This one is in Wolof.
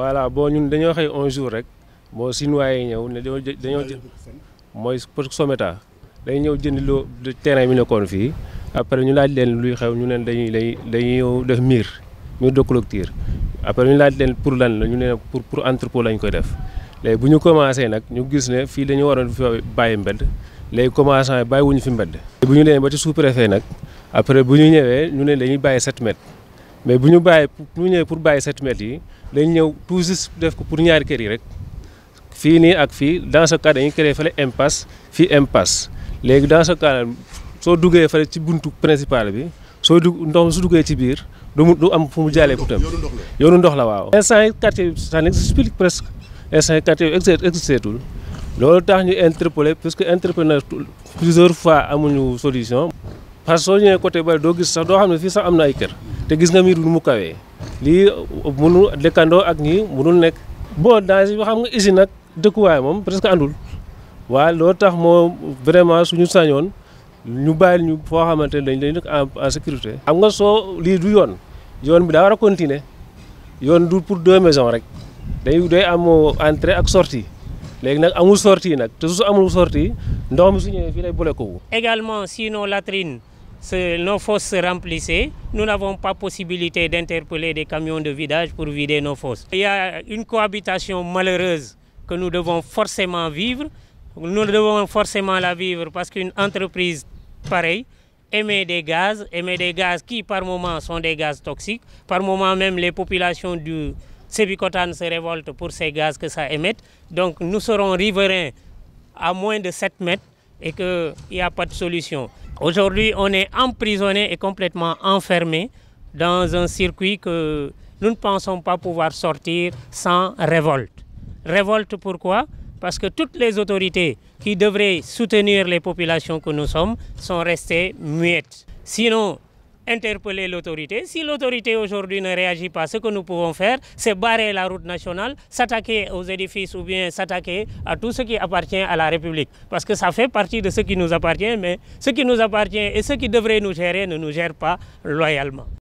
voilà boo ñun dañoo xëy un jour rek moo chinois yi ñëw ne dañoo dañoo mooy pour Someta dañu ñëw jënd loo terrain bi nekkoon fii après ñu laaj leen luy xew ñu leen dañuy dañuy dañuy def miir miir de clôture après ñu laaj leen pour lan la ñu ne pour pour entrepôt lañ koy def léegi bu ñu commencé nag ñu gis ne fii dañu waroon fi bàyyi mbedd léegi commencé bàyyi wuñu fi mbedd. bu ñu leen ba ci sous-préfet nag après bu ñu ñëwee ñu ne dañuy bàyyi 7 mètres. mais pour baye pour ñëw pour nous 7 mètres yi dañ ñëw tout juste def ko pour ñaari kër yi rek fii ak dans ce cas dañuy créé fële impasse fii impasse dans ce cas soo duggee fële ci buntu principal bi soo dugg ndox su ci biir du am fu mu ndox la waaw quartier ça n'explique presque instant yi quartier tax puisque plusieurs fois amuñu solution parce que soo ñëwee côté bari doo gis sax doo xam ne fii sax am na ay kër te gis nga miir lu mu kawee lii mënul dëkkandoo ak ñii mënul nekk bon dans yi xam nga usine nag dëkkuwaay moom presque àndul waa loo tax moo vraiment suñu sañoon ñu bàyyil ñu foo xamante ne dañ leen nekk en sécurité xam nga soo lii yoon yoon bi daa war yoon du pour deux maisons rek day day am entrée ak sortie léegi nag amul sortie nag te su amul sorti ndox mi su ñëwee fii lay boole ko également sinon latrine nos fosses se remplissaient. Nous n'avons pas possibilité d'interpeller des camions de vidage pour vider nos fosses. Il y a une cohabitation malheureuse que nous devons forcément vivre. Nous devons forcément la vivre parce qu'une entreprise pareille émet des gaz, émet des gaz qui par moment sont des gaz toxiques. Par moment, même les populations du Sébicotan se révoltent pour ces gaz que ça émet. Donc nous serons riverains à moins de 7 mètres et qu'il n'y a pas de solution. Aujourd'hui, on est emprisonné et complètement enfermé dans un circuit que nous ne pensons pas pouvoir sortir sans révolte. Révolte pourquoi Parce que toutes les autorités qui devraient soutenir les populations que nous sommes sont restées muettes. Sinon, interpeller l'autorité. Si l'autorité aujourd'hui ne réagit pas, ce que nous pouvons faire, c'est barrer la route nationale, s'attaquer aux édifices ou bien s'attaquer à tout ce qui appartient à la République. Parce que ça fait partie de ce qui nous appartient, mais ce qui nous appartient et ce qui devrait nous gérer ne nous gère pas loyalement.